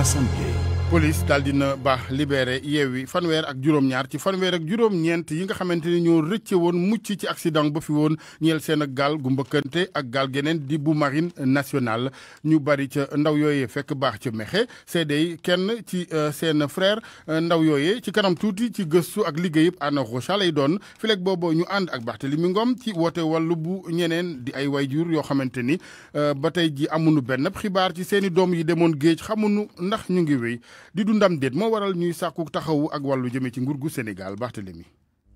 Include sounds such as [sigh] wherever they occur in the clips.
Awesome. police daal dina baax libéré yeewi fanweer ak juróom-ñaar ci fanweer ak juróom-ñeent yi nga xamante ni ñoo rëcce woon mucc ci accident ba fi woon ñeel seen ak gaal gu mbëkkante ak gaal geneen di bu marine nationale ñu bari ca ndaw yooyee fekk baax ca mexe seedey kenn ci euh, seen frère euh, ndaw yooyee ci kanam tuuti ci gëstu ak liggéey liggéeyub Anna Rocha lay doon fileeg boobu ñu ànd ak Barthélemy Ngom ci woote wàllu bu ñeneen di ay wayjur yoo xamante ni euh, ba tey ji amuñu benn xibaar ci seeni doom yi demoon géej xamuñu ndax ñu ngi wéy di dundam déet moo waral ñuy sàkku taxawu ak wàllu jëme ci nguur gu Sénégal Barthélemy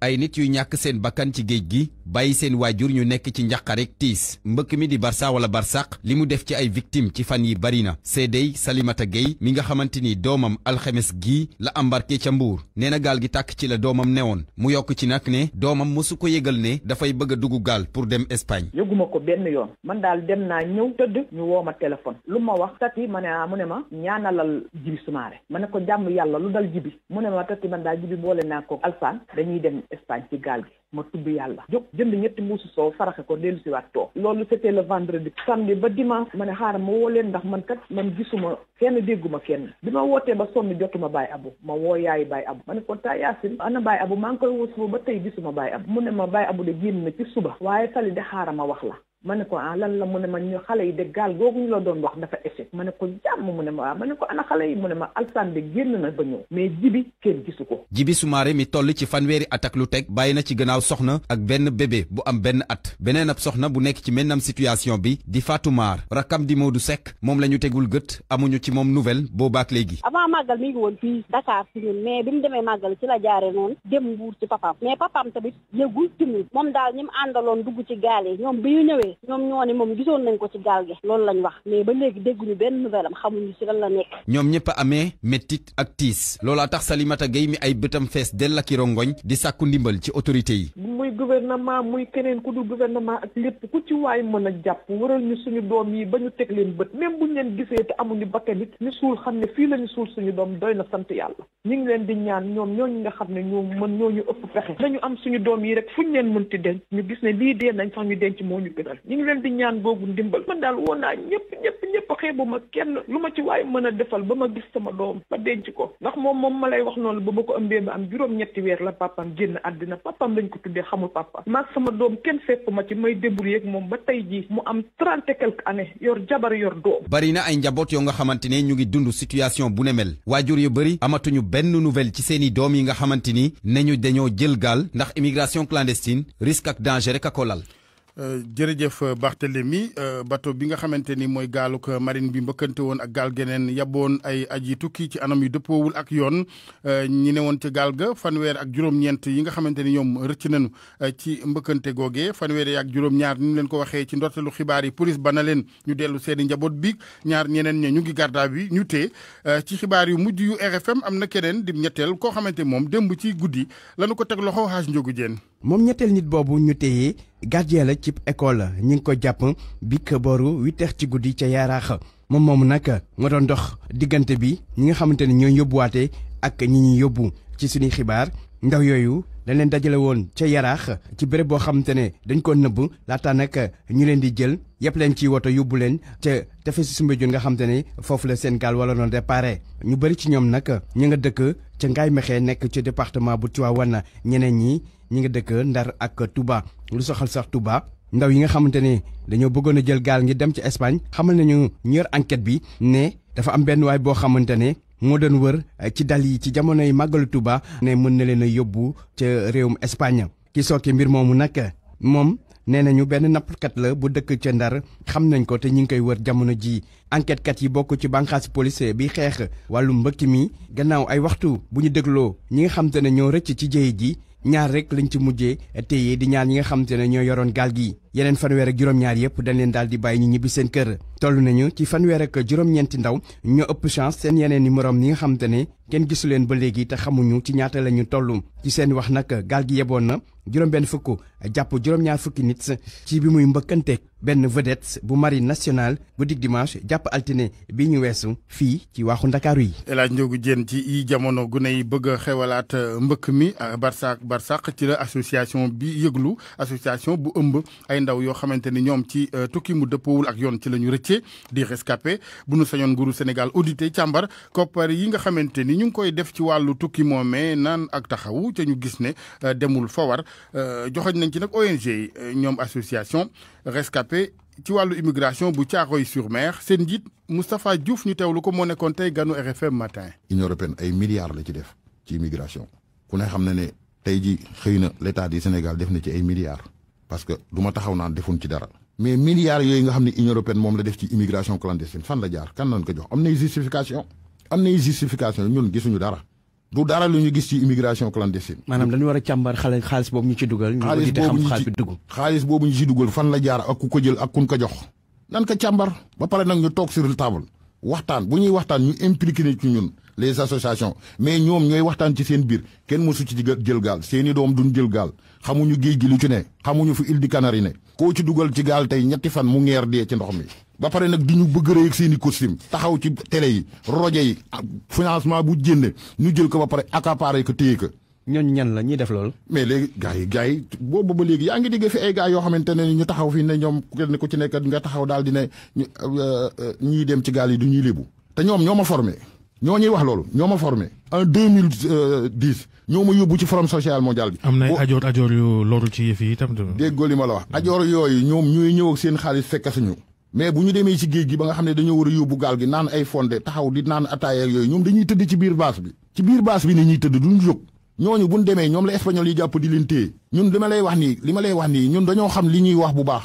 ay nit yu ñàkk seen bakkan ci géej gi bàyyi seen waajur ñu nekk ci njaqarek tiis mbëkk mi di barsa wala barsaq li mu def ci ay victime ci fan yi bari na seedey Salimata Gueye mi nga xamante ni doomam alxemes gi la am embarqué ca Mbuur nee na gaal gi tàkk ci la doomam newoon mu yokk ci nag ne doomam mosu ko yëgal ne dafay bëgg a dugg gaal pour dem Espagne yëguma ko benn yoon man daal dem naa ñëw tëdd ñu woo ma téléphone lu ma wax tati ma ne ah mu ne ma ne ma tati man Espagne ci gaal gi ma tudd yàlla jóg jënd ñetti mbuusu soow faraxe ko dellu si waat toog loolu c'était le vendredi samedi ba dimanche ma ne xaaral ma woo leen ndax man kat man gisuma kenn dégguma kenn bi ma wootee ba sonn jotuma Baye Abou ma woo yaayu Baye ma ne ko taa Yacine ana Baye Abou maa ngi koy woo ba tey gisuma Baye Abou mu ne ma Baye Abou de génn na ci suba waaye sali de xaaral ma wax la ma ne ko ah lan la mu ne ma ñu xale yi de gaal googu ñu la doon wax dafa échec ma ne ko jàmm mu ne ma waaw ah, ma ko ana xale yi mu ne ma alsaan de génn na ba mais jibi kenn gisu ko jibi sumaare mi toll ci fanweeri at ak lu teg bàyyi na ci gannaaw soxna ak benn bébé bu am benn at beneen ab soxna bu nekk ci mennam situation bi di Fatou Maar rakkam di Modou Seck moom la ñu tegul gët amuñu ci moom nouvelle boobaak léegi avant màggal mi ngi woon fii Dakar si ñun mais bi mu demee màggal ci la jaare noonu dem mbuur ci papaam bi ñoom ñoo ne moom gisoon nañ ko ci gaal gi loolu lañ wax mais ba léegi dégguñu benn nouvelle xamuñu si lan la nekk ñoom ñëpp a ak tiis loolaa tax Salimata Gueye mi ay bëtam fees dell ak rongoñ di sàkku ndimbal ci autorité yi muy gouvernement muy keneen ku dul gouvernement ak lépp ku ci mën a jàpp waral ñu suñu doom yi ba ñu teg leen bët même buñ leen gisee te amuñu bakkan it ñu xam ne fii lañu suul suñu doom doy na sant yàlla ñu ngi leen di ñaan ñoom ñooñu nga xam ne ñoo mën ñooñu ëpp pexe dañu am suñu doom yi rek fuñ leen ti denc ñu gis ne lii dee nañ sax ñu denc moo ñu gënal ñu ngi leen di ñaan boobu ndimbal man daal woon naa ñëpp ñëpp ñëpp ma kenn lu ma ci waaye mën a defal ba ma gis sama doom ba denc ko ndax moom moom ma lay wax noonu ba ma ko am juróom weer la papam génn àddina papam lañ ko tuddee xamul papa maag sama doom kenn fekk ma ci may débrouiller ak moom ba tey jii mu am trente et quelques années yor jabar yor doom bari na ay njaboot yoo nga xamante ne ñu ngi dund situation bu ne mel waajur yu bari amatuñu benn nouvelle ci seeni doom yi nga xamante ni nañu dañoo jël gaal ndax immigration clandestine risque ak danger rek a jërëjëf euh, Barthélémy euh, bato bi nga xamante ni mooy gaaluk euh, marine bi mbëkkante woon ak gaal geneen yaboon ay aji tukki ci anam yu dëppoowul ak yoon ñi ne woon ci gaal ga fanweer ak juróom-ñeent yi nga xamante ni ñoom rëcc nañu ci mbëkkante googe fanweer ak juróom-ñaar ni ñu leen ko waxee ci ndorteelu xibaar yi police ba na leen ñu dellu seeni i njaboot bi ñaar ñeneen ña ñu ngi garda bi ñu tee ci xibaar yu mujj yu RFM am na keneen di ñetteel koo xamante moom démb ci guddi lañu ko teg loxo xaaj njogu moom ñetteel nit boobu ñu téye gardien la cib école ñi ngi ko jàpp bik booru huit heures ci guddi ca Yaraax moom moomu nag moo doon dox diggante bi ñi nga xamante ne ñooy yóbbuwaate ak ñi ñuy yóbbu ci suñuy xibaar ndaw yooyu dañ leen dajale woon ca yaraax ci béréb boo xamante ne dañ ko nëbb laata nag ñu leen di jël yëpp leen ci woto yóbbu leen ca tefesu Soumbédioune nga xamante ne foofu la seen gaal wala noonu déparé ñu bëri ci ñoom nag ñu nga dëkk ca Ngaye Mékhé nekk ci département bu Tivaouane ñeneen ñi ñi nga dëkk Ndar ak Touba lu soxal sax Touba ndaw yi nga xamante ne dañoo bëggoon a jël gaal ngi dem ci Espagne xamal nañu ñër enquête bi ne dafa am benn waay boo xamante ne moo doon wër eh, ci dal yi ci jamonoy màggalu Touba. ne mën na leen a yóbbu ca réewum Espagne ki sooke mbir moomu nag moom nee nañu benn nappkat la bu dëkk ca Ndar xam nañ ko te ñu ngi koy wër jamono ji enquête kat yi bokk ci bànqaasi police bi xeex wàllu mbëkk mi gannaaw ay waxtu bu ñu dégloo ñi xamante ne ñoo rëcc ci jéey ji. ñaar rek lañu ci mujjee téye di ñaar ñi nga xam te ne ñoo yoroon gaal gi. yeneen fanweer ak juróom-ñaar yëpp dañ leen daal di bàyyi ñu ñibbi seen kër toll nañu ci fanweer ak juróom-ñeenti ndaw ñoo ëpp chance seen yeneen i moroom ni xam te ne kenn gisu leen ba léegi te xamuñu ci ñaata la ñu toll ci seen wax nag gaal gi yeboon na juróom-benn fukk jàpp juróom-ñaar fukki nit ci bi muy mbëkkanteeg benn vedette bu marine nationale guddi dimanche jàpp altine bi ñu weesu fii ci waaxu ndakaaru yi. El njogu Ndiogou Diène ci jamono gune yi bëgg a xewalaat euh, mbëkk mi euh, barsak barsak ci la association bi yëglu association bu ëmb ay ndaw yo xamanteni ñom ci euh, tukki mu dëppowul ak yoon ci lañu rëccé di rescapé bu ñu sañon nguuru Sénégal audité càmbar koppar yi nga xamanteni ñu ngi koy def ci walu tukki momé nan ak taxawu ci ñu gis né euh, demul fa euh, joxoj nañ ci nak ONG ñom association rescapé ci walu immigration bu Thiaroye sur Mer sen dit Moustapha Diouf ñu tewlu ko mo nekkoon tay ganu RFM matin. Union européenne ay milliards la ci def ci immigration ku ne xam na ne tey ji xëy na l' état du Sénégal def na ci ay milliards. parce que du ma taxaw naan defuñ ci dara mais milliards yooyu nga xam ne Union européenne moom la def ci immigration clandestine fan la jaar kan lañ ko jox am nay justification am nay justification ñun gisuñu dara du dara lu ñu gis ci immigration clandestine. maanaam dañu war a càmbar xale xaalis boobu ñu ci dugal. xaalis boobu ñu ci dugg fan la jaar ak ku ko jël ak kun ko jox. nan ko càmbar ba pare nag ñu toog si sur table waxtaan bu ñuy waxtaan ñu impliqué ci ñun. les associations mais ñoom ñoy waxtaan ci seen biir kenn mosu ci jël gaal seeni doom duñ jël gaal xamuñu géej gi lu ci ne xamuñu fu île du canari ne koo ci dugal ci gaal tey ñetti fan mu ngeer dee ci ndox mi ba pare nag diñu bëgg rëy ak seeni costume taxaw ci télé yi roje yi financement bu génne ñu jël ko ba pare accaparé ko téye ko ñoñ ñan la ñi def lool mais les gars yi gars yi bo bo ba légui ya nga diggé fi ay gars yo xamantene ñu taxaw fi ne ñom ku ci nekk nga taxaw dal di ne euh, euh, ñi dem ci gal yi du ñi lebu te ñom ñoma former ñoo ñuy wax loolu ñoo ma formé en deux mille euh, dix ñoo ma yóbbu ci forum social mondial bi. am na ay ajoor ajoor yu loru ci yëf yi itam. déggoo li ma la wax ajoor yooyu ñoom ñuy ñëw seen xaalis fekk suñu mais bu ñu demee ci géej gi ba nga xam ne dañoo war a yóbbu gaal gi naan ay fondé taxaw di naan ataaya yooyu ñoom dañuy tëdd ci biir baas bi. ci biir baas bi ni ñuy tëdd duñu jóg. ñooñu bu ñu demee ñoom la espagnol yi jàpp di leen téye ñun li ma lay wax nii li ma lay wax nii ñun dañoo xam li ñuy wax bu baax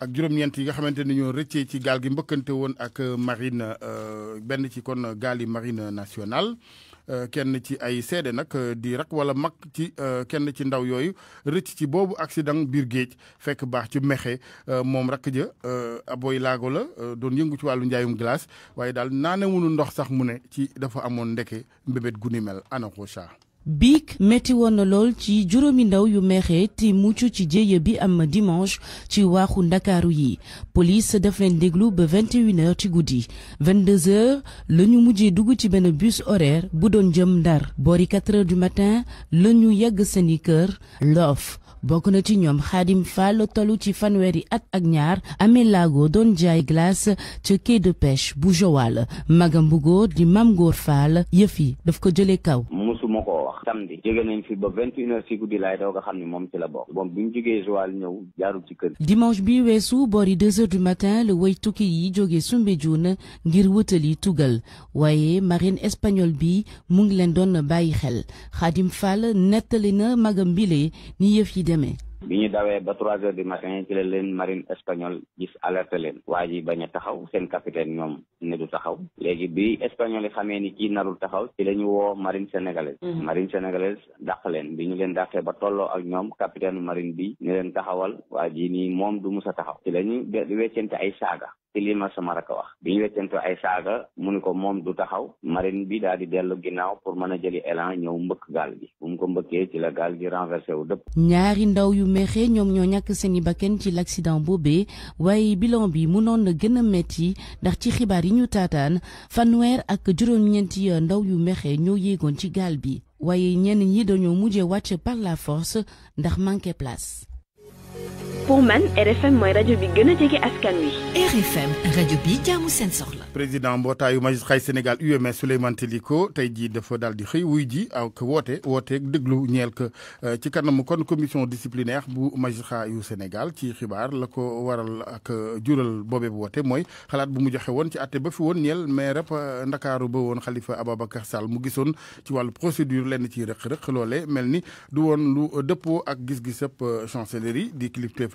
ak juróom-ñeent yi nga xamante ni ñoo rëccee ci gaal gi mbëkkante woon ak euh, marine euh, benn ci kon gaali marine nationale euh, kenn ci ay seede nag di rak wala mag ci kenn ci ndaw yooyu rëcc ci boobu accident biir géej fekk baax ci mexe moom rakk a aboy laago la doon yëngu ci wàllu njaayum glace waaye daal mënu ndox sax mu ne ci dafa amoon ndeke mbébét gu ni mel ana biig métti woon na lool ci juróomi ndaw yu meexee te mucc ci jéye bi am dimanche ci waaxu ndakaaru yi police daf leen déglu ba 21h ci guddi 22h la ñu mujjee dugg ci benn bus horaire bu doon jëm ndar bori 4 du matin la ñu yegg seeni kër loof bokk na ci ñoom xaadim fall tollu ci fanweeri at ak ñaar amee laago doon jaay glace ca quai de pêche bu Joal magam bugoo di mam góor fall yëf yi daf ko jëlee kaw wax samedi jóge fi ba vingt une heures ci guddi laay doog a xam ne moom ci la bokk moom bi ñu jógee Joal ñëw jaarul ci kër dimanche bi weesu boori deux du matin la way tukki yi jóge Soumbédioune ngir wutali tugal waaye marine espagnole bi mu ngi leen doon bàyyi xel Khadim Fall nettali na magam bile ni yëf yi demee bi ñu dawee ba trois heures du matin ci la leen marine espagnole gis alerte leen waa ji bañ a taxaw seen capitaine ñoom ne du taxaw léegi bi espagnol yi xamee ni kii narul taxaw ci la ñu woo marine sénégalaise mm-hmm. marine sénégalaise dàq leen bi ñu leen dàqee ba tolloo ak ñoom capitaine marine bi ni leen taxawal waa ji nii moom du mus taxaw ci la ñu weccente ay saaga tilima sama rakk wax bi ñu ay saaga mu ni ko moom du taxaw marine bi daal di dellu ginnaaw pour mën a jëli élan ñëw mbëkk gaal gi bu mu ko mbëkkee ci la gaal gi renversé wu dëpp ñaari ndaw yu meexee ñoom ñoo ñàkk seeni bakken ci l'accident boobee waaye bilan bi mënoon na gën a metti ndax ci xibaar yi ñu taataan fanweer ak juróom-ñeenti ndaw yu meexee ñoo yéegoon ci gaal bi waaye ñenn ñi dañoo mujjee wàcc par la force ndax manqué place pour man RFM mooy rajo bi gëna jëgé askan wi. RFM Radio bi jaamu seen soxla. président mbootaayu magistrat Sénégal UMS Souleymane Teliko tey jii dafa daal di xey wuy ji ak woté wooteeg deglu ñeel ko euh, ci kanam kon commission disciplinaire bu magistrat yu Sénégal ci xibar la ko waral ak jural Bobé bu woté moy xalaat bu mu joxé won ci atté ba fi won ñël mais rep euh, Dakar bu won Khalifa Ababakar Sall mu gisoon ci wàllu procédure lén ci rek rek lolé melni du won lu dëppoo ak gis-gisab euh, chancellerie di kilifteef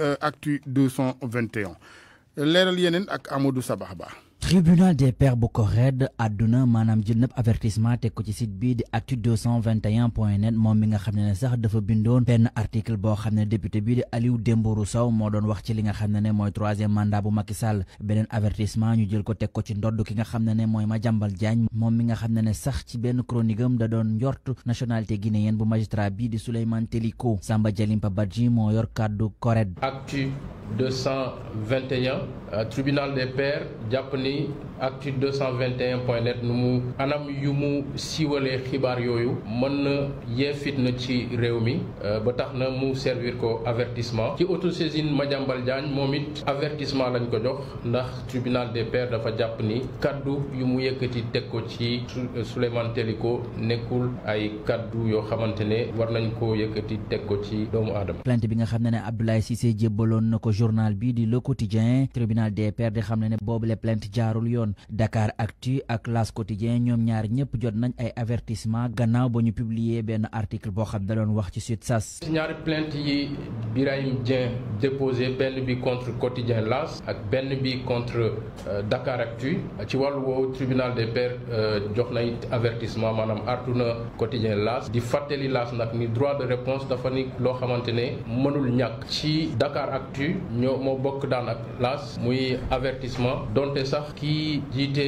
Euh, Actu 221 leeral yeneen ak Amadou Sabax tribunal des pères Bokored a donné manam avertissement teg ko ci site bi di actu 221.net point net mon mi nga xamné sax article Bo xamné député Bid di Aliou Dembourou Sow mo doon wax troisième mandat bu Macky Sall avertissement ñu jël ko teg ko ci ndoddu ki nga xamné ne ne mooy Diagne mi da nationalité guinéenne bu magistrat Suleiman di Teliko Samba Jalimpa Badji mon yor kàddu CORED actu 221 euh, tribunal des pères ni actu 221 point net nu mu anam yu mu siiwalee xibaar yooyu mën na yee fitna ci réew mi euh, ba tax mu servir ko avertissement ci auto saisine Diagne momit avertissement lañ ko jox ndax tribunal des pairs dafa japp ni kaddu yu mu yëkkati teg ko ci euh, Souleymane Teliko nekkul ay kaddu yo xamantene ne war nañ ko yëkëti teg ko ci doomu adam plainte bi nga xam ne Abdoulaye Cissé nako journal bi di Le Quotidien tribunal des pairs de hamnane ne ne plainte jaarul yoon Dakar Actu ak L'As Quotidien ñoom ñaar ñëpp jot nañ ay avertissement gannaaw ba ñu publier benn article boo xam da doon wax ci suite sas ci ñaari plainte yi Birahim Dieng déposé benn bi contre quotidien L'As ak benn bi contre euh, Dakar Actu ci wàllu woowu tribunal des pairs euh, jox na it avertissement maanaam artu na quotidien L'As di fàttali L'As nag ni droit de réponse dafa ni loo xamante ne mënul ñàkk ci Dakar Actu ñoo moo bokk daan ak L'As muy avertissement donte sax qui jiite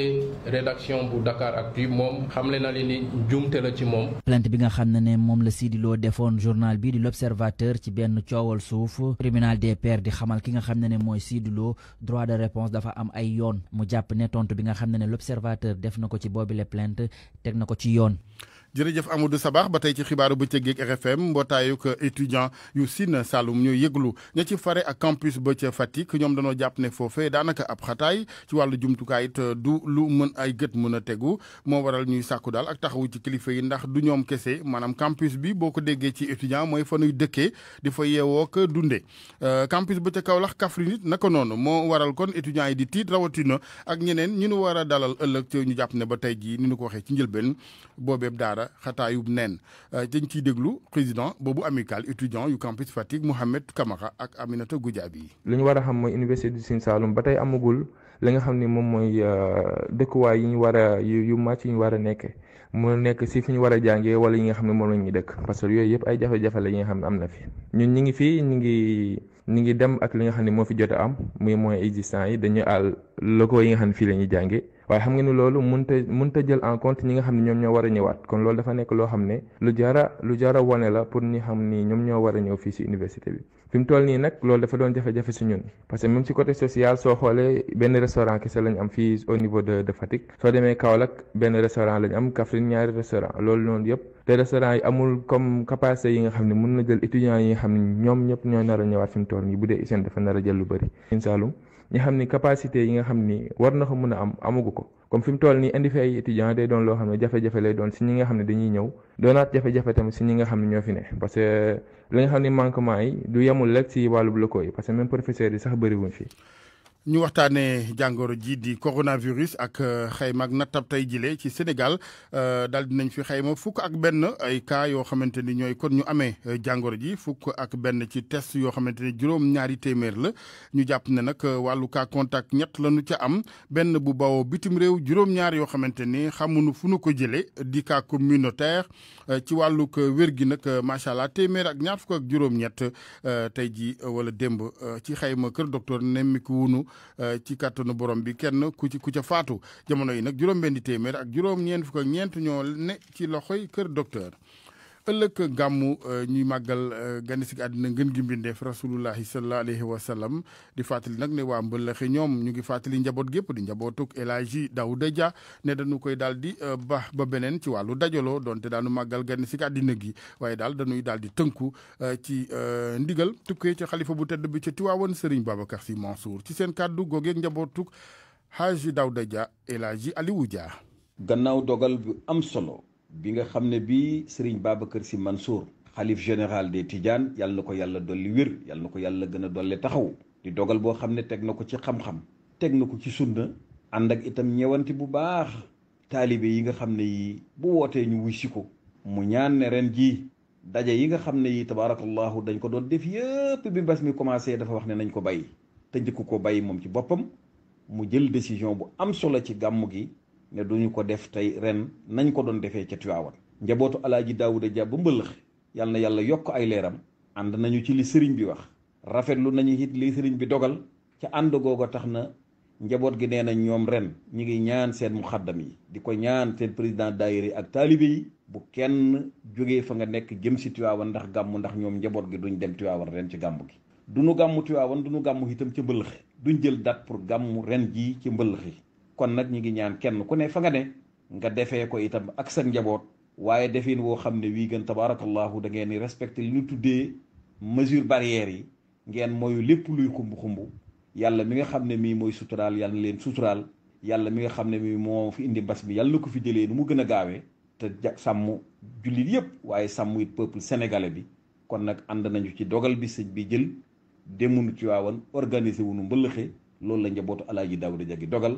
rédaction pour Dakar Actu mom xamle na li ni njuumte la ci mom plainte bi nga xamné né mom la Sidi Lo journal bi di l'observateur ci benn coowal souf criminal des pères di xamal ki nga xamné né moy mooy Sidi Lo droit de réponse dafa am ay yone mu japp né tontu bi nga xamné né l'observateur def nako ci bobu les plaintes na nako ci yone jërëjëf Amadou Sabax ba tey ci xibaaru bëccëg ak RFM mbootaayug étudiant yu Sine Saloum yeglu, yëglu ña ci fare ak campus ba ca Fatick ñoom dañoo jàpp ne foofee daanaka ab xataay ci wàllu jumtukaay it du lu mën ay gët mën a tegu moo waral ñuy sàkku daal ak taxawu ci kilifa yi ndax du ñoom kese maanaam campus bi boo ko déggee ci étudiant mooy fa nuy dëkkee di fa yeewoo ko euh, campus ba ca Kaolack Kaffrine it naka noonu moo waral kon étudiant yi di tiit rawatina ak ñeneen ñu nu war a dalal ëllëg ci ñu jàpp ne ba tey jii ni nu ko waxee ci njëlbeen boobeeb daara dara xataayub neen euh, dañ ciy déglu président boobu amical étudiant yu campus Fatick Mouhamed Kamara ak Aminata Goudiaby li ñu war a xam mooy université du Sine Saloum ba tey amagul li xam ni moom mooy ñu war a yi ñu war a nekkee mu nekk si fi ñu war jàngee wala yi nga xam ne moom la ñuy dëkk parce que yooyu yëpp ay jafe-jafe la yi nga xam ne am na fi ñun ñi ngi fii ñi ngi dem ak li nga xam ne moo fi jot a am muy moyens existants yi dañuy àll locaux yi nga xam ne fii la ñuy jàngee waaye xam nga ni loolu mënta mënta jël en compte ñi nga xam ne ñoom ñoo war a ñëwaat kon loolu dafa nekk loo xam ne lu jara lu jara wane la pour ni xam ni ñoom ñoo war a ñëw fii si université bi fi mu toll nii nag loolu dafa doon jafe si ñun parce que même si côté social soo xoolee benn restaurant kese am fii au niveau de de Fatick soo demee Kaolack benn restaurant lañ am Kaffrine ñaari restaurant loolu noonu yëpp te restaurant yi comme capacité yi nga xam ne mën na jël étudiants yi xam ñoom ñëpp ñoo nar a ñëwaat fi mu toll nii bu dee ISEN dafa nar a jël lu bëri. ñu xam ni capacité yi nga xam ni war na ko mun a am amagu ko comme fi mu toll nii indi fi ay étudiants day doon loo xam ne jafe-jafe lay doon si ñi nga xam ne dañuy ñëw doonaat jafe-jafe tamit si ñi nga xam ne ñoo fi ne parce que nga xam ne manquement yi du yemul rek si wàllu locaux yi parce que même professeurs yi sax bëriwuñ fii ñu waxtaanee jàngoro ji di coronavirus ak euh, xayma ak nattab tey le ci Sénégal euh, daal dinañ fi xayma fukk ak benn ay ka yoo xamante ni ñooy kon ñu amee euh, jàngoro ji fukk ak benn ci test yoo xamante ni juróom-ñaari téeméer la ñu jàpp ne nag wàllu cas contact ñett la ñu ca am benn bu bawoo bitim réew juróom-ñaar yoo xamante ni xamuñu fu nu ko jëlee di cas communautaire ci wàllug wér gi nag macha allah téeméer ak ñaar fukk ak juróom-ñett tey ji wala démb ci xayma kër docteur nemmiku Eh, ci kàttanu borom bi kenn ku ci ca faatu jamono yi nag juróom-benni téeméer ak juróom-ñeent fukk ak ñeent ñoo ne ci loxoy kër docteur. ëllëg gàmmu euh, ñuy màggal euh, gane si àddina ngën gi mbindeef rasulullahi sallallahu alayhi wa sallam di fàttali nag ne waa mbëllëxi ñoom ñu ngi fàttali njaboot gépp di njabootuk El Hadji Daouda Dia ne dañu koy daal di euh, ba ba beneen ci wàllu dajaloo donte daanu màggal gane si gi waaye daal dañuy daal di tënku ci ndigal tukkee ci xalifa bu tedd bi ci Tiwaawan Serigne Babacar Sy Mansour ci seen kàddu googeeg njabootuk Hadji Daouda Dia El Hadji Aliou Dia gannaaw dogal bu am solo bi nga xam ne bii Serigne Babacar Sy Mansour xalif général de Tidiane yàlla na ko yàlla dolli wér yàlla na ko yàlla gën a dolli taxaw di dogal boo xam ne teg na ko ci xam-xam teg na ko ci sunna ànd ak itam ñewanti bu baax taalibe yi nga xam ne yii bu wootee ñu wuy si ko mu ñaan ne ren jii daje yi nga xam ne yii tabaarakallahu dañ ko doon def yëpp bi mbas mi commencé dafa wax ne nañ ko bàyyi te njëkk ko bàyyi moom ci boppam mu jël décision bu am solo ci gàmm gi ne duñu ko def tay ren nañ ko doon defee ca tuwaawan njabootu alaaji daawuda ja bu mbëlëx yal na yàlla yokk ay leeram ànd nañu ci li sëriñ bi wax rafetlu nañu it li sëriñ bi dogal ca ànd googa tax na njaboot gi nee na ñoom ren ñi ngi ñaan seen muxaddam yi di ko ñaan seen président daayiri ak taalibe yi bu kenn jógee fa nga nekk jëm si tuwaawan ndax gàmmu ndax ñoom njaboot gi duñ dem tuwaawan ren ci gàmmu gi duñu gàmmu tuwaawan duñu gàmmu itam ca mbëlëx duñ jël dat pour gàmmu ren ji ci mbëlëx yi kon nag ñi ngi ñaan kenn ku ne fa nga ne nga defee ko itam ak sa njaboot waaye defin woo xam ne wii gën tabaarakallahu da ngeen di respecté li ñu tuddee mesure barrières yi ngeen mooyu lépp luy xumb xumbu yàlla mi nga xam ne mii mooy suturaal yàlla leen suturaal yàlla mi nga xam ne mii moo fi indi mbas mi yàlla ko fi jëlee nu mu gën a gaawee te sàmm jullit yëpp waaye sàmm it peuple sénégalais bi kon nag ànd nañu ci dogal bi sëñ bi jël demunu ci waawan organisé wunu mbëllëxe loolu la njabootu alaaji Daawuda Jagi dogal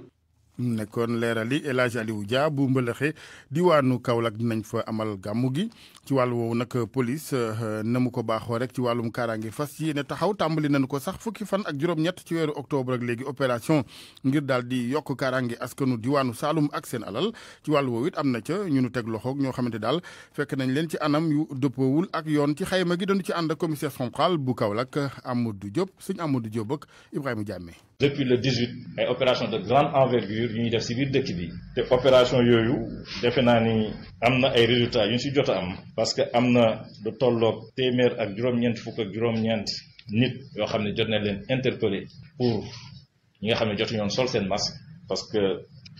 nekkoon leerali El Hadj Aliou Dia bu mbëlëxe diwaanu Kaolack dinañ fa amal gàmmu gi ci wàllu woowu nag police euh, na mu ko baaxoo rek ci wàllum kaaraange fas yéene taxaw tàmbali nañu ko sax fukki fan ak juróom-ñett ci weeru octobre ak léegi opération ngir daal di yokk kaaraange askanu diwaanu Saalum ak seen alal ci wàllu woowu it am na ca ñu nu teg loxoog ñoo xamante daal fekk nañ leen ci anam yu dëppoowul ak yoon ci xayma gi dañu ci ànd ak commissaire central bu Kaolack Amadou Diop sëñ Amadou Diop ak Ibrahima Diamé. depuis le 18 ay opération de grande envergure yu ñuy def si biir dëkk bi te opération yooyu defe naa ni ay résultats yu ñu si am parce que Amna na Tolok, tolloog téeméer ak juróom-ñeent fukk ak juróom nit yoo xam ne leen interpeller pour ñi nga xamné ne jotuñoon sol seen masque parce que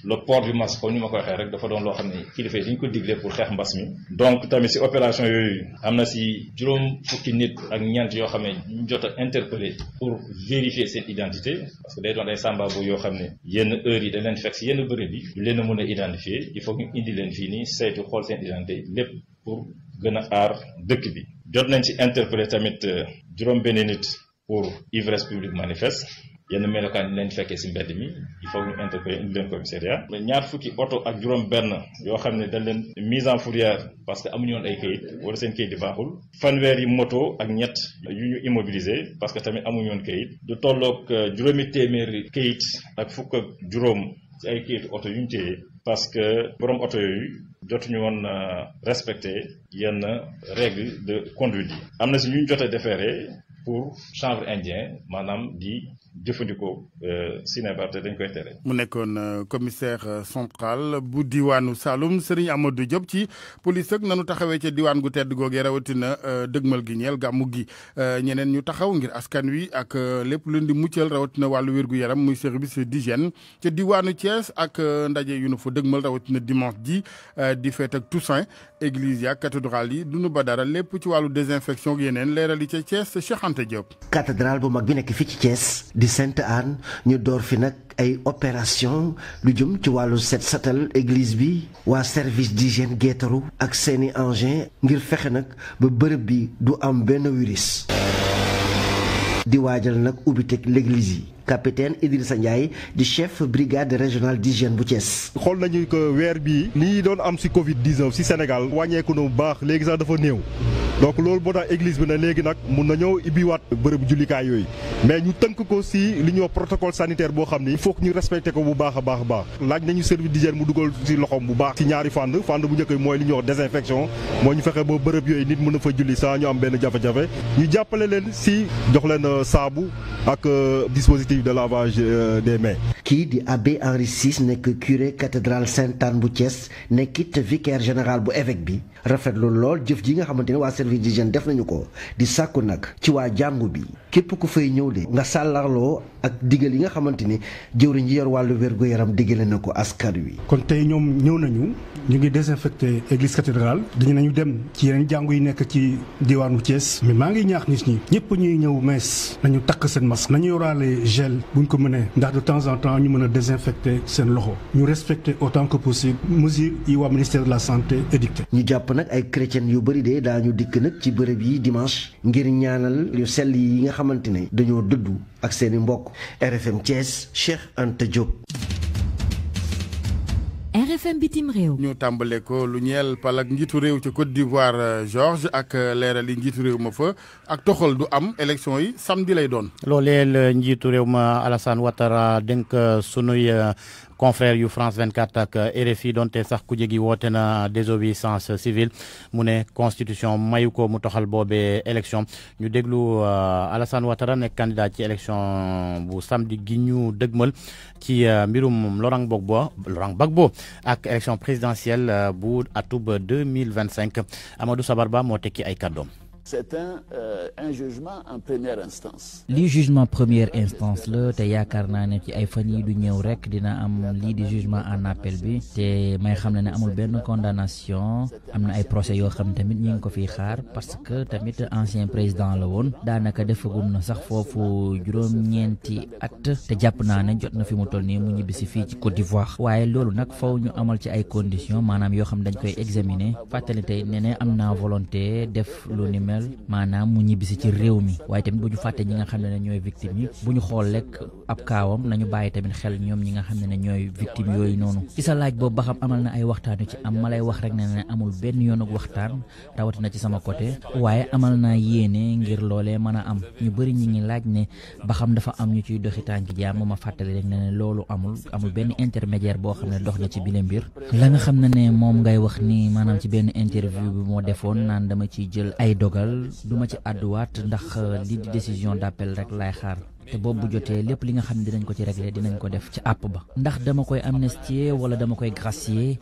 le port du masque comme ni ma ko waxee rek dafa doon loo xam ne kilifa yi dañ ko digle pour xeex mbas mi. donc tamit si opération yooyu am na si juróom fukki nit ak ñeent yoo xam ne ñu jot a interpellé pour vérifier seen identité parce que day doon ay bu yoo xam ne yenn heure yi dañ leen fekk si yenn bi yi. leen a mën a identifier il faut ñu indi leen fii nii saytu xool seen identité lépp pour gën a aar dëkk bi. jot nañ ci interpellé tamit euh, juróom benn nit pour ivresse publique manifeste yenn melokaan yi leen fekkee si mbedd mi il faut ñu interpeller indi leen commissariat ñaar fukki oto ak juróom benn yoo xam ne dañ leen mise en fourrière parce que amuñu woon ay kayit wala seen kayit di baaxul yi moto ak ñett yu ñu immobiliser parce que tamit amuñu woon kayit du tolloog euh, juróomi téeméeri kayit ak fukk ak juróom ci ay kayitu oto yu ñu téye parce que borom oto yooyu jotuñu woon euh, respecter yenn règle de conduite yi am na si ñu jot a déféré pour chanvre indien maanaam di jëfandikoo euh, Sénébar te dañ koy tere. mu nekkoon euh, commissaire euh, central bu diwaanu Saloum Serigne Amadou Diop ci police ak nanu taxawee ca diwaan gu tedd googee rawatina dëgmal gi ñeel gàmmu gi ñeneen ñu taxaw ngir askan wi ak lépp luñ di muccal rawatina wàllu wér-gu-yaram muy service d'hygiène ca diwaanu Thiès ak ndaje yu nu fa dëgmal rawatina dimanche ji di fête ak Toussaint église ya cathédrale yi duñu ba dara lépp ci wàllu désinfection ak yeneen leeral yi ca Thiès Cheikh Anta Diop. cathédrale bu mag bi nekk fii ci Thiès. di Sainte Anne ñu door fi nag ay opération lu jëm ci wàllu set satal église bi waa service di d'hygiène geetaru ak seeni engin ngir fexe nag ba bërëb bi du am benn wiris di waajal nag ubbiteg l'église yi capitaine Idrissa Ndiaye du chef brigade régionale d'hygiène bu Thiès. xool nañu que weer bi ni doon am ci Covid 19 ci Sénégal wañé ko bu baax légui sax dafa néew donc loolu bo tax église bi na légui nak mën nañu ibi wat bërëb jullikaay yoy mais ñu tënk ko ci li ñuy protocole sanitaire bo xamni ni il faut ñu respecté ko bu baaxa a baax baax laaj nañu service d'hygiène mu duggal si loxom bu baax ci ñaari fànn fànn bu njëkk moy li ñuy wax désinfection moo ñu fexé bo bërëb yoy nit mëna fa julli sa ñu am benn jafe-jafe ñu jappalé leen ci jox leen saabu ak euh, dispositif tentative de lavage euh, des mains. Qui di abbé Henri VI nekk curé cathédrale saint anne bu Thiès quitte vicaire général bu évêque bi Rafet rafetlu lol jëf ji nga xamanteni wa waa service d'hygiène def nañu ko di sakku nak ci wa jàngu bi képp ku fay ñëw de nga salar lo ak digël yi nga xamanteni ni jëwriñ yor walu wér-gu-yaram digëlé na ko askan wi. kon tay ñom ñëw nañu ñu ngi désinfecter église cathédrale dañu nañu dem ci yeneen jàngu yi nekk ci diwaanu Thiès mais ma ngi ñaax nit ñi ñëpp ñuy ñëw mees nañu takk seen masque nañu yoraale gel de temps en temps ñu désinfecter seen loxo autant que possible mesures yi le ministère de la santé Nous ñu ay yu ci dimanche ngir ñaanal yi nga dañoo ak mbokk RFM Thiès Cheikh RFM bitim réew. ñu tàmbale ko lu ñeel pal ak njiitu réew ci Côte d'Ivoire euh, Georges ak euh, leeral njiitu réew ma fa ak toxal du am élection yi samedi lay doon. looleel njiitu réew ma Alassane Ouattara dénk euh, sunuy confrère You France 24 ak RFI dont sax ku jégi woote désobéissance civile mu constitution mayu ko mu toxal élection ñu déglu euh, Alassane Ouattara candidat ci élection bu samedi gi ñu dëgmal ci euh, mbirum Laurent Bagbo Laurent Gbagbo ak élection présidentielle euh, bu tout 2025 Amadou Sabarba mo tekki ay c'est un euh, un jugement en première instance. le jugement première instance la te yaakaar naa ne ci ay fan yi du ñëw rek dina am lii di jugement en appel bi te may xam na ne amul benn condamnation amna na ay procès yoo xam tamit ñu ko fiy xaar parce que tamit ancien président la woon daanaka defagum na sax foofu juróom-ñeenti at te jàpp na ne jot na fi mu toll nii mu ñibbisi fii ci Côte d'Ivoire waaye loolu nag faw ñu amal ci ay conditions maanaam yoo xam dañ koy examiner fàttali tey ne ne am volonté def lu ni mel maanaam mu ñibbisi ci réew mi waaye tamit bu ñu fàtte ñi nga xam ne ñooy victime yi bu ñu xool lekk ab kaawam nañu bàyyi tamit xel ñoom ñi nga xam ne ñooy victime yooyu noonu ci sa laaj boobu ba xam amal na ay waxtaan yu ci am ma lay wax rek ne ne amul benn yoon ak waxtaan rawatina ci sama côté waaye amal naa yéene ngir loolee mën a am ñu bëri ñi ngi laaj ne ba xam dafa am ñu ciy doxi tànk jaam ma fàttali rek ne ne loolu amul amul benn intermédiaire boo xam ne dox na ci bile mbir la nga xam ne moom ngay wax ni maanaam ci benn interview bi moo defoon naan dama ciy jël ay dogal dal du ma ci adduwaat ndax lii di décision d' appel rek lay xaar te boobu bu jotee lépp li nga xam ne dinañ ko ci réglé dinañ ko def ci app ba ndax dama koy amnestier wala dama koy gracier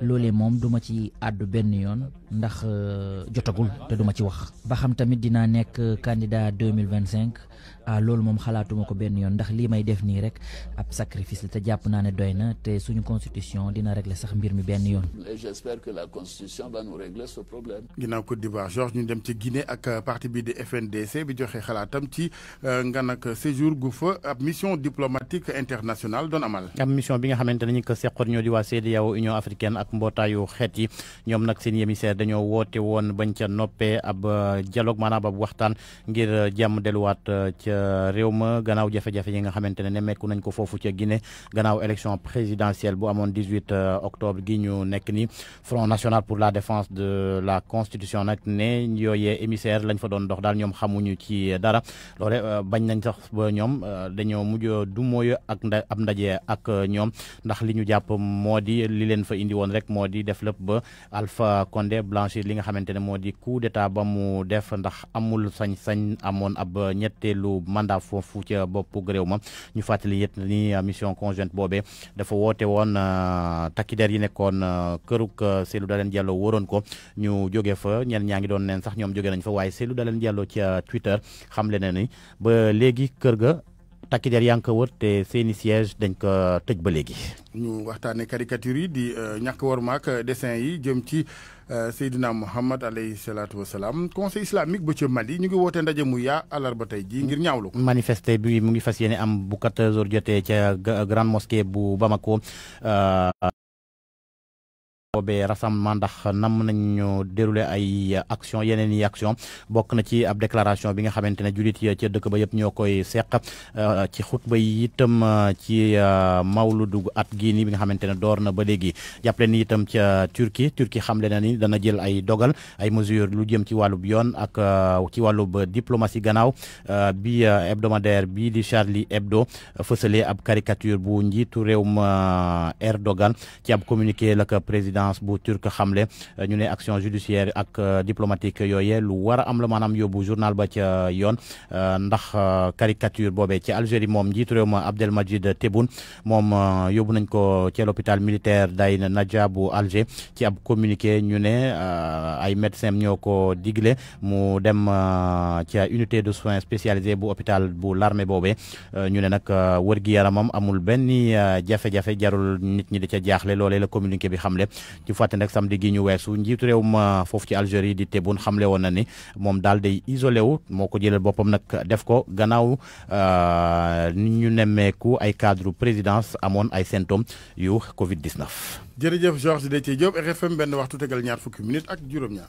lolé mom duma ci addu ben yoon ndax euh, jotagul te duma ci wax ba xam tamit dina nek candidat 2025 ah loolu mom xalaatuma ko benn yoon ndax lii may def ni rek ab sacrifice la te jàpp naa ne doy na suñu constitution dina régler sax mbir mi ben yoon. j'espère que la constitution va nous régler ce problème. ginnaaw ko d'Ivoire Georges ñu dem ci Guinée ak parti bi di FNDC bi joxe xalatam ci euh, nga nag séjour gu fa ab mission diplomatique internationale doon amal. am mission bi nga xamante ne ko seqoon ñoo di waa CEDEAO Union africaine ak mbootaayu xeet yi ñom nak seen émissaire dañoo woté won bañ ca noppé ab euh, dialogue manaba ab waxtaan ngir euh, jàmm delluwaat euh, ci réew ma gannaaw jafé jafé yi nga xamante né nemmeeku nañ ko fofu ci Guinée gannaaw élection présidentielle bu amoon 18 octobre gi ñu nekk ni Front national pour la défense de la constitution nak né yooyee émissaire lañ fa doon dox daal ñom xamuñu ci dara loole bañ nañ sax ba ñom dañoo mujj du mooy ak ab ndaje ak ñom ndax li ñu jàpp li leen fa indi won rek moo di def lépp ba Alpha Condé Blanchir li nga xamante ne moo di coup d' état ba mu def ndax amul sañ-sañ amoon ab ñetteelu mandat foofu ca boppu réew ma ñu fàttali yit ni mission conjointe boobee dafa woote woon euh, takki der yi nekkoon euh, këruk euh, Seydou Dalène Diallo wóoroon ko ñu jógee fa ñen ñaa ngi doon neen sax ñoom jóge nañ fa waaye Seydou Dalène Diallo ca Twitter xam le ne ni ba léegi kër ga takki der yaa ngi ko wër te seeni siège dañ ko tëj ba léegi. ñu waxtaanee caricature yi di euh, ñàkk war maak dessin yi jëm ci euh, Seydina Mouhamad alayhi salaatu wa salaam conseil islamique ba ca Mali ñu ngi woote ndaje mu yaa àllarba tey jii ngir ñaawlu. manifester bi mu ngi fas yéene am bu 14h jotee ca grande mosquée bu Bamako. Euh, boobee rassemblement ndax nam nañu déroulé ay action yeneen yi action bokk na ci ab déclaration bi nga xamante ne jullit yi ca dëkk ba yëpp ñoo koy seq euh, ci xutba ba itam euh, ci euh, mawludu at gii nii bi nga xamante ne door na ba léegi jàppale ni itam ca Turquie Turquie xamle na ni dana jël ay dogal ay mesures lu jëm ci wàllub yoon ak ci wàllub diplomatie gannaaw bi hebdomadaire bi di Charlie Hebdo fësale ab caricature bu njiitu réewum Erdogan ci ab communiqué la présidence bu turc xamle euh, ñu né action judiciaire ak euh, diplomatique yooyee lu wara a am le manam yobu journal ba ci yoon euh, ndax caricature bobé ci Algérie mom jitu réew ma Abdelmadjid Tebboune mom yobu nañ ko ci l'hôpital militaire Ain Nadia bu Alger ci ab communiqué ñu né ay médecins ñoko diglé digle mu dem ci unité de soins spécialisés bu hôpital bu l'armée bobé ñu né nak wër gi yaramam amul benn jafé jafé jarul nit ñi di ca jaxlé lolé la communiqué bi xamle ci fàttali nag samedi gi ñu weesu njiitu réew ma euh, foofu ci Algérie di Tebboune xamle woon na ni moom daal day isolé wu moo ko jëlal boppam nag def ko gannaaw euh, ni ñu nemmeeku ay cadre présidence amoon ay symptômes yu Covid 19. jërëjëf Georges Déthié Diop RFM benn waxtu tegal ñaar fukki minutes ak juróom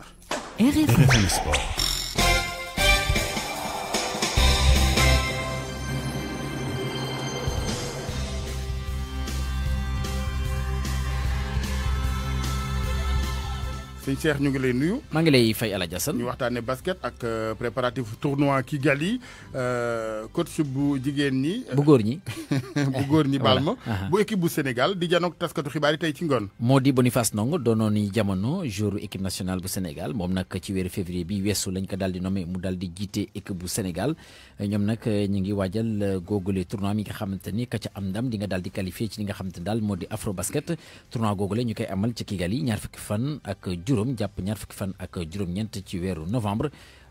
sëñ Cheikh ñu ngi lay nuyu. maa ngi lay fay El Hadj Assane. ñu basket ak euh, préparatif tournoi Kigali euh, coach bu jigéen ñi. bu góor ñi. [laughs] bu góor ñi baal ma. bu équipe bu Sénégal di janoog taskatu xibaar yi tey ci ngoon. moo di Boniface Ndongo doonoon ni jamono jour équipe nationale bu Sénégal moom nag ci weeru février bi weesu lañ ko dal di nommé mu dal di jiite équipe bu Sénégal ñoom nag euh, ñu ngi waajal googule tournoi mi nga xamante ni ka ca am ndam di nga daal di qualifié ci li nga xamante daal moo di afro basket tournoi googule ñu koy amal ci Kigali ñaar fukki juróom jàpp ñaar fukki fan ak juróom-ñeent ci weeru novembre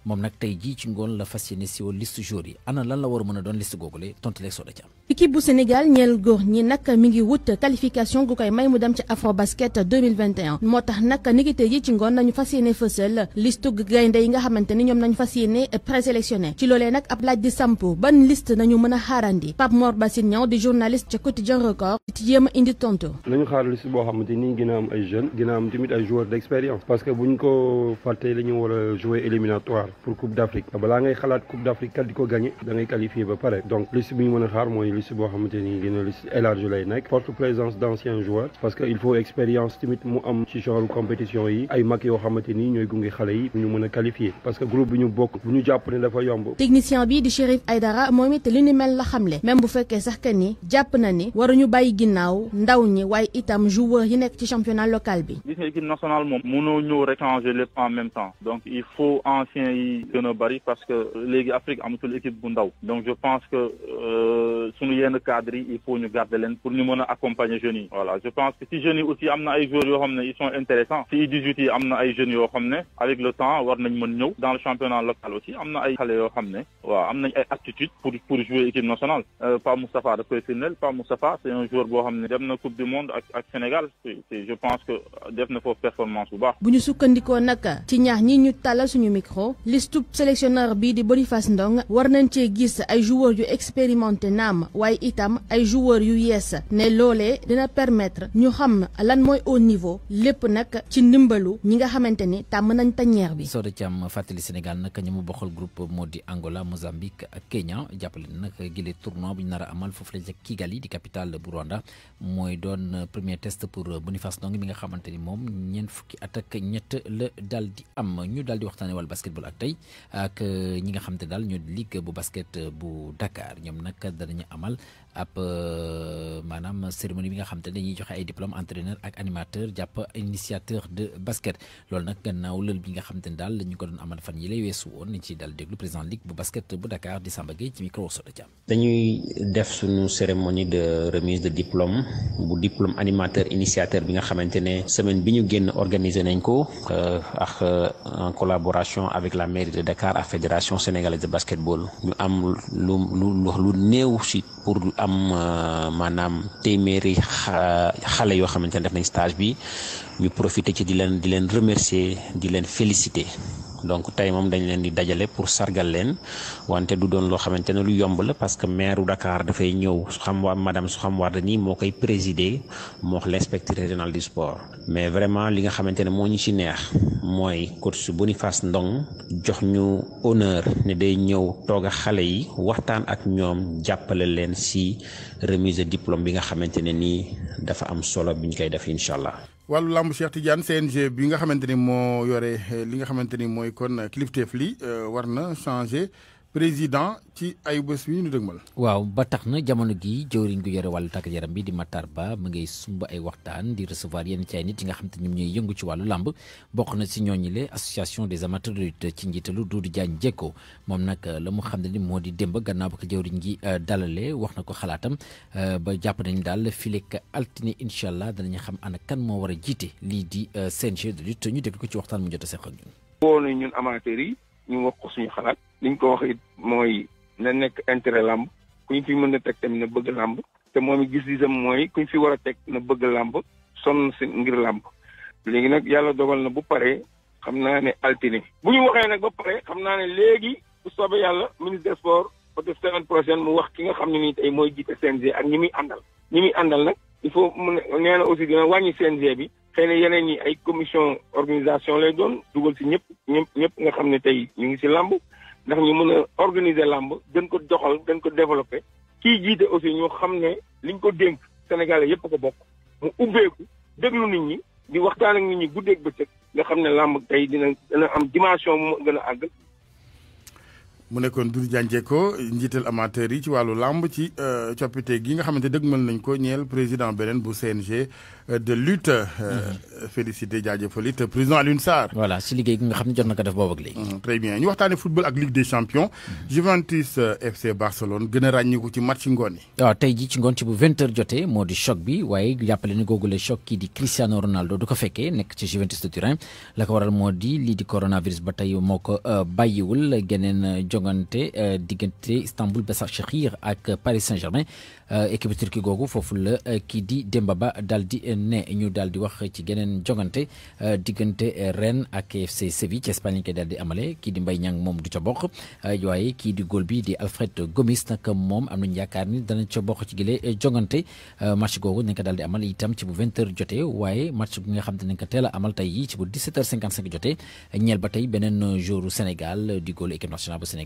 mom nak tay ji ci ngoon la fassiyene ci liste jour yi ana lan la war a don a doon liste googule tontu leeg sooda cam équipe bu Sénégal ñeel gor ñi nak mi ngi wut qualification gu koy may mu dem ci afro basket 2021 motax nak nag ni ki tey jii ci ngoon nañu fassiyene yéene fësal liste gaynde yi nga xamanteni ñom nañu fassiyene présélectionné ci lolé nak ab laaj di samp ban liste nañu mën a pap Pape Mor Bassine Niang di journaliste ci quotidien record ci yema indi tonto nañu xaar liste bo xamanteni ni gina am ay jeune gina am tamit ay joueurs d'expérience parce que buñ ko faté la ñu war jouer éliminatoire pour Coupe d'Afrique balaa ngay xalaat Coupe d'Afrique kat di ko gagné da ngay qualifié ba pare donc liste bi ñu mën a xaar mooy liste boo xamante ni gën a liste élargie lay nekk forte présence d'anciens joueurs parce que il faut expérience tamit mu am ci genre compétition yi ay mag yoo xamante ni ñooy gunge xale yi ñu mën a qualifié parce que groupe bi ñu bokk bu ñu jàpp ne dafa yomb. technicien bi di Chérif Aïdara moom it mel la xamle même bu fekkee sax que ni jàpp na ni waruñu bàyyi ginnaaw ndaw ñi waaye itam joueur yi nekk ci championnat local bi. gis nga équipe nationale moom mënoo ñëw rek changer lépp en même temps donc il faut anciens yi gën a parce que léegi Afrique amatul l'équipe bu ndaw donc je pense que euh, suñu yenn cadres cadre, il faut ñu garder leen pour ñu mën a accompagner jeunes yi voilà je pense que si jeunes yi aussi am na ay joueurs yoo xam ils sont intéressants si U18 yi am na ay jeunes yoo xam avec le temps war nañ mën ñëw dans le championnat local aussi am na ay xale yoo xam ne waaw am ay aptitude pour pour jouer équipe nationale euh, Pape Moustapha da koy par Pape Moustapha c'est un joueur boo xam ne dem na coupe du monde ak ak Sénégal je pense que def na foofu performance bu baax bu ñu sukkandikoo nag ci ñaax ñi ñu tàllal suñu micro listub sélectionneur bi di Boniface Ndong war nañ ci gis ay joueur yu expérimenté Nam waye itam ay joueurs yu yees ne l'olé dina permettre ñu xam lan moy au niveau lepp nak ci ndimbalu ñi nga xamanteni tam nañ tañeer bi. Soda Thiam fatali Sénégal nak ñu mu groupe maudit di Angola Mozambique ak Kenya jappalé nak gile tournoi bu amal fofu la Kigali di capitale de Rwanda moy doon premier test pour Boniface Ndong mi nga xamanteni ni ñen le fukki attaque ñett di am ñu daldi di basketball ak tey ak ñi nga xamante dal ñu ligue bu basket bu dakar ñom nak dañu amal ab euh, manam cérémonie bi nga xam dañuy joxe ay diplôme entraîneur ak animateur japp initiateur de basket lool nak gannaaw leul bi nga xam te ne daal ko doon amal fan yi lay weesu woon ni ci dal déglu président ligue bu basket bu Dakar di Samba Gueye ci micro Soda Thiam dañuy def suñu cérémonie de remise de diplôme bu diplôme animateur initiateur bi nga xamante ne semaine bi ñu génn organiser nañ ko euh, ak euh, en collaboration avec la mairie de Dakar à fédération sénégalaise de basketball ñu am lu lu lu néew pour am euh, maanaam téeméeri xale yoo xamante ne def nañ stage bi ñu profité ci di leen di leen remercier di leen félicité donc tey moom dañ leen di dajale pour sargal leen wante du doon loo xamante ne lu yomb la parce que maire Dakar dafay ñëw su xam waa madame su xam warda nii moo koy présider moo wax l'inspecteur régional du sport mais vraiment li nga xamante ne moo ñu ci neex mooy su Boniface Ndong jox ñu honneur ne day ñëw toog a xale yi waxtaan ak ñoom jàppale leen ci remise de diplôme bi nga xamante ne nii dafa am solo bi ñu koy def incha allah wàllu làmb Cheikh Tidiane CNG bi nga xamante ni moo yore eh, li nga xamante ni mooy kon eh, kilifteef li eh, war na changé président ci ay bés wi ñu dëgmal. waaw ba tax na jamono gi jëwriñ gu yore wàllu tàggat yaram bi di Matar Ba mu ngay sumb ay waxtaan di recevoir yenn ci nit yi nga xam te ñoom ñooy yëngu ci wàllu làmb bokk na si ñooñile association des amateurs de lutte ci njiitalu Doudou Diagne Diécko moom euh, xam ni moo di démb gannaaw ba ko jëwriñ gi euh, dalale wax na ko xalaatam euh, ba jàpp nañu daal filek altine incha allah danañu xam ana kan moo war a jiite lii di CNG de lutte ñu déglu ko ci waxtaan mu jot a seq ak ñun. woo ñun amateurs ñu wax ko suñu xalaat liñ ko wax it mooy na nekk intérêt làmb kuñ fi mën a teg tamit na bëgg làmb te moom it gis-gisam mooy kuñ fi war a teg na bëgg làmb son si ngir làmb léegi nag yàlla dogal na bu paree xam naa ne altine bu ñu waxee nag ba pare xam naa ne léegi bu soobee yàlla ministre des sports peut-être mu wax ki nga xam ne nii tey mooy jiite CNG ak ñi muy àndal ñi muy àndal nag il faut mu nee aussi dina wàññi CNG bi xëy yeneen ñi ay commission organisation lay doon dugal si ñëpp ñëpp nga xam ne tey ñu ngi si làmb ndax ñu mën a organiser làmb dañ ko doxal dañ ko développer kii jiite aussi ñu xam ne liñ ko dénk Sénégalais yépp ko bokk mu ubbeeku déglu nit ñi di waxtaan ak nit ñi guddeeg bëccëg nga xam ne làmb tey dina dina am dimension mu gën a àgg mu nekkoon Doudou Diagne Diécko njiital amateur yi ci wàllu làmb ci euh, coppite gi nga xamante dëgmal nañ ko ñeel président beneen bu CNG euh, de lutte. Euh, mhm. félicité jaajëfal it président Alioune Sarr. voilà si liggéey gi nga xam ne jot na ko def boobu ak léegi. Mm, très bien ñu waxtaanee football ak Ligue des champions. Mhm. Juventus FC Barcelone gën a ràññiku ci match ngoon yi. waaw ah, tey jii ci ngoon ci bu 20h jotee moo di choc bi waaye jàppale ni googu la choc kii di Cristiano Ronaldo du ko fekkee nekk ci Juventus de Turin la ko waral moo di lii di coronavirus ba tey moo ko bàyyiwul geneen jongante euh, diggante Istanbul Başakşehir ak Paris Saint-Germain équipe euh, turki googu foofu la euh, ki di Dembaba daldi ne ñu d'Aldi wax ci geneen jongante diggante Rennes ak FC Séville ci Espagne ki daldi amalé amale di Mbaye Niang mom du ca bokk qui ki di gol bi di Alfred Gomis nak mom amna nañu ni dana ca bokk ci gile jongante match googu nañ ko daal amal itam ci bu 20h jotee match bi nga xam nañ ko téla amal tay yi ci bu 17h55 jotee ñeel ba benen jour jouru Sénégal di gol équipe nationale bu Sénégal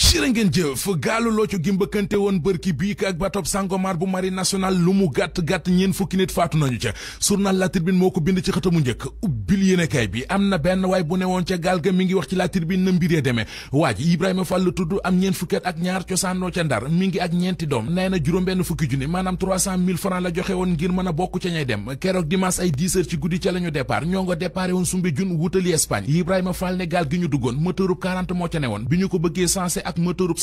cirë ngeen jëf gaalu looco gi mbëkkante woon bërki biik ak batop sangomar bu marine nationale lu mu gàtt-gàtt ñeen fukki nit faatu nañu ca journal La Tribune moo ko bind ci xëtamu njëkk pil yéenekaay bi am na benn waay bu newoon ca gaal ga mi ngi wax ci la tribune na mbiree demee waa ji Ibrahima Fall tudd am ñeent fukki ak ñaar cosaanoo ca Ndar mi ngi ak ñeenti doom nee na juróom-benn fukki junni maanaam 300 la joxe woon ngir mën bokk ca ñay dem keroog dimanche ay 10 ci guddi ca la ñu ñoo nga départ woon sumbi jun wutali Espagne Ibrahima Fall ne gaal gi ñu duggoon moteurub moo ca newoon bi ñu ko bëggee sensé ak moteurub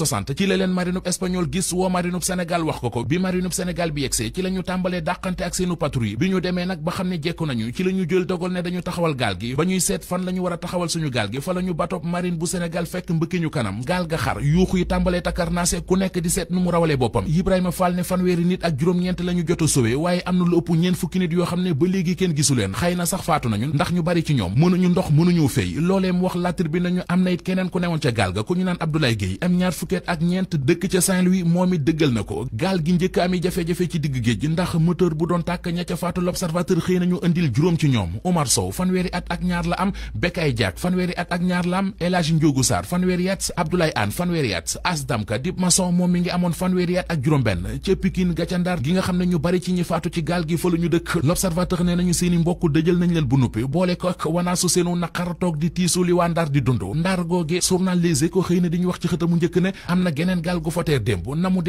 taxawal gal gi bañuy set fan lañu wara taxawal suñu gal gi fa lañu batop marine bu Sénégal fekk mbëkki kanam gal ga xar yuuxu yi tambalé takar nasé ku nekk di set numu rawalé bopam Ibrahima Fall ne fan wéri nit ak juroom ñent lañu ñu sowé waye amna lu upp ñen fukki nit yo xamné ba légui kenn gisulén leen sax faatu nañu ndax ñu bari ci ñom mënu ñu ndox mënuñu fay loolee mu wax La Tribune nañu am na it kenen ku néwon ci gal ga ku ñu naan abdoulay Gueye am ñaar fukkeet ak ñent dëkk ci Saint-Louis momi dëggal nako gal gi ñëk ami jafe-jafe ci digg géej ndax moteur bu doon tak ñaca faatu l'observateur xëy nañu indil juróom ci ñom Omar Sow fan fanweeri at ak ñaar la am Bekay Diak fanweeri at ak ñaar la am El Hadji Ndiogou Sarr fanweeri at Abdoulaye Anne fanweeri at As Damka dib maçon moom mi ngi amoon fanweeri at ak juróom-benn ca Pikine ga ca Ndar gi nga xam ne ñu bari ci ñi faatu ci gaal gi fa lu ñu dëkk l'observateur nee nañu seeni mbokk dëjël nañ leen bu nuppi boole wanaasu seenu naqar toog di tiisu li waa Ndar di dund Ndar googe journal Les Échos xëy na di ñu wax ci xëtamu njëkk ne am na geneen gaal gu foteer démb na mu a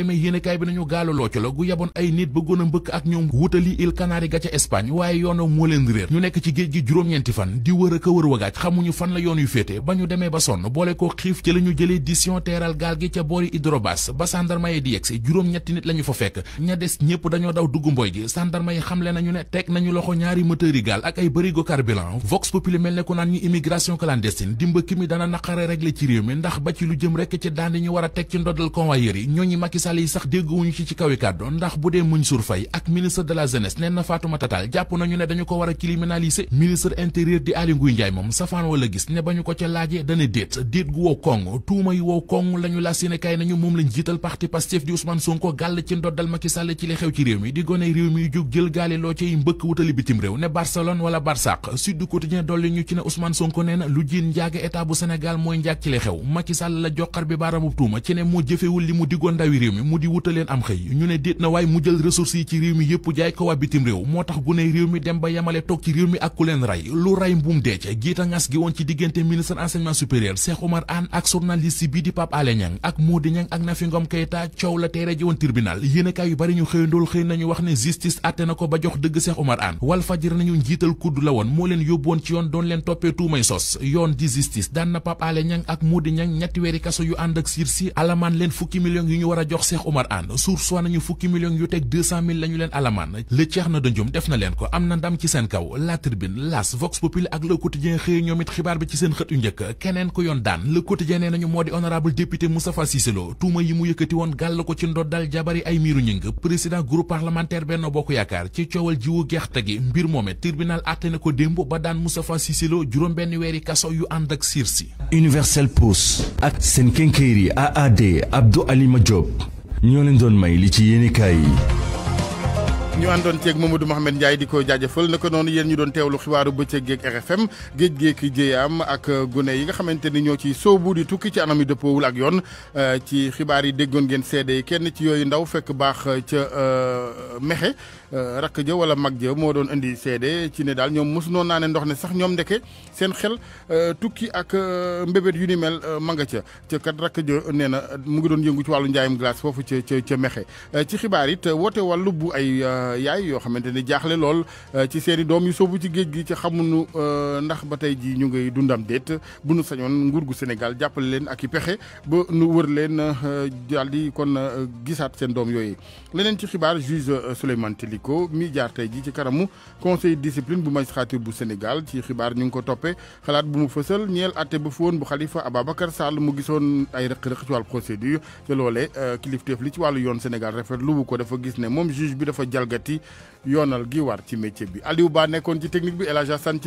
juróom-ñeenti fan di wër a wër wagaaj xamuñu fan la yoon yu féete ba ñu demee ba sonn boole ko xiif ci la ñu jëlee teeral gaal gi ca boori Hydrobase ba sandarma yi di yegsi juróom-ñetti nit la fa fekk ña des ñëpp dañoo daw dugg mboy gi sandarma yi xamle nañu ne teg nañu loxo ñaari moteur gaal ak ay bërigo carburant vox populi mel ne ko naan ñi immigration clandestine dimba ki mi dana naqare régler ci réew mi ndax ba ci lu jëm rekk ci daan ministre intérieur di Aly Ngouille Ndiaye moom safaan wala gis ne ba ñu ko ca laajee dana déet déet gu wow kong tuuma yi wow kong la ñu la seen kaay nañu moom lañ jiital parti Pastef di Ousmane Sonko gàll ci ndoddal Macky Sall ci li xew ci réew mi di gone réew mi jóg jël gaali loo ciy mbëkk wutali bitim réew ne Barcelone wala Barsaq Sud Quotidien dolli ñu ci ne Ousmane Sonko nee na lu jiin njaag état bu Sénégal mooy njaag ci li xew Macky Sall la joxar bi baaramu tuuma ci ne moo jëfewul li mu diggoon ndawi réew mi mu di wutaleen am xëy ñu ne déet na waaye mu jël ressources yi ci réew mi yëpp jaay ko waa bitim réew moo tax gune réew mi dem ba yamale toog ci réew mi ak ku leen ray rey lu rey mbuum deec giita ngas gi woon ci diggante ministre enseignement supérieur Cheikh Omar Anne ak journaliste bi di Pape Alé Niang ak Mody Niang ak Nafi Ngom Keïta coow la teere ji woon tribunal yéenekaay yu bari ñu xëyandool xëy nañu wax ne justice àtte na ko ba jox dëgg Cheikh Omar Anne Walf Fadjri nañu njiital kudd la woon moo leen yóbboon ci yoon doon leen toppee tuumay sos yoon di justice daan na Pape ak Mody Niang ñetti weeri kaso yu ànd leen fukki millions yu ñu war a jox Cheikh Omar Anne source nañu fukki leen alamaan le ceex na leen ko am na ndam ci seen kaw la L'As Vox Populi ak Le Quotidien xëy xibaar bi ci seen xët yu njëkk keneen ko yoon daan Le Quotidien nee nañu moo di honorable député Moustapha Cissé Lo tuuma yi mu yëkkati woon gàll ko ci ndoddal jabari ay miiru ñëng président groupe parlementaire Benno Bokk Yaakaar ci coowal jiwu gerte gi mbir moome tribunal àtte ko démb ba daan Moustapha Cissé Lo juróom benn weeri kaso yu ànd ak sursis Universel Post ak seen kénkéeri AAD Abdou Alima Diop ñoo leen doon may li ci yéenekaay yi ñu àndoon ceeg Mamadou Mohamed Ndiaye di ko jaajëfal naka noonu yéen ñu doon teewlu xibaaru bëccëg geeg RFM géej géeg jéeyaam ak gune yi nga xamante ni ñoo ci soobu di tukki ci anam yi dëppoowul ak yoon euh, ci xibaar yi déggoon ngeen seede yi kenn ci yooyu ndaw fekk baax ca euh, mexe Euh, rakk ja wala mag ja moo doon indi seede ci ne daal ñoom mosu naa ne ndox ne sax ñoom ndeke seen xel euh, tukki ak euh, mbébét yu ni mel ma nga ca ca kat rakk ja nee na mu ngi doon yëngu ci wàllu njaayam glace foofu ca ca ca ci xibaar it woote wàllu bu ay yaay yoo xamante ne jaaxle lool ci seeni doom yu soobu ci géej gi ci xamu xamuñu ndax ba tey ji ñu ngay dundam déet bu nu sañoon nguur gu Sénégal jàppale leen ak i pexe ba nu wër leen daal di kon gisaat seen doom yooyu Seko mi jaar conseil discipline bu magistrature bu Sénégal ci xibar ñu ko topé xalaat bu mu bu Khalifa Ababakar Sall mu gisoon ay ci procédure te euh, Sénégal ko dafa juge bi dafa jalgati Yonal gi war ci métier bi Aliou Ba technique bi elaja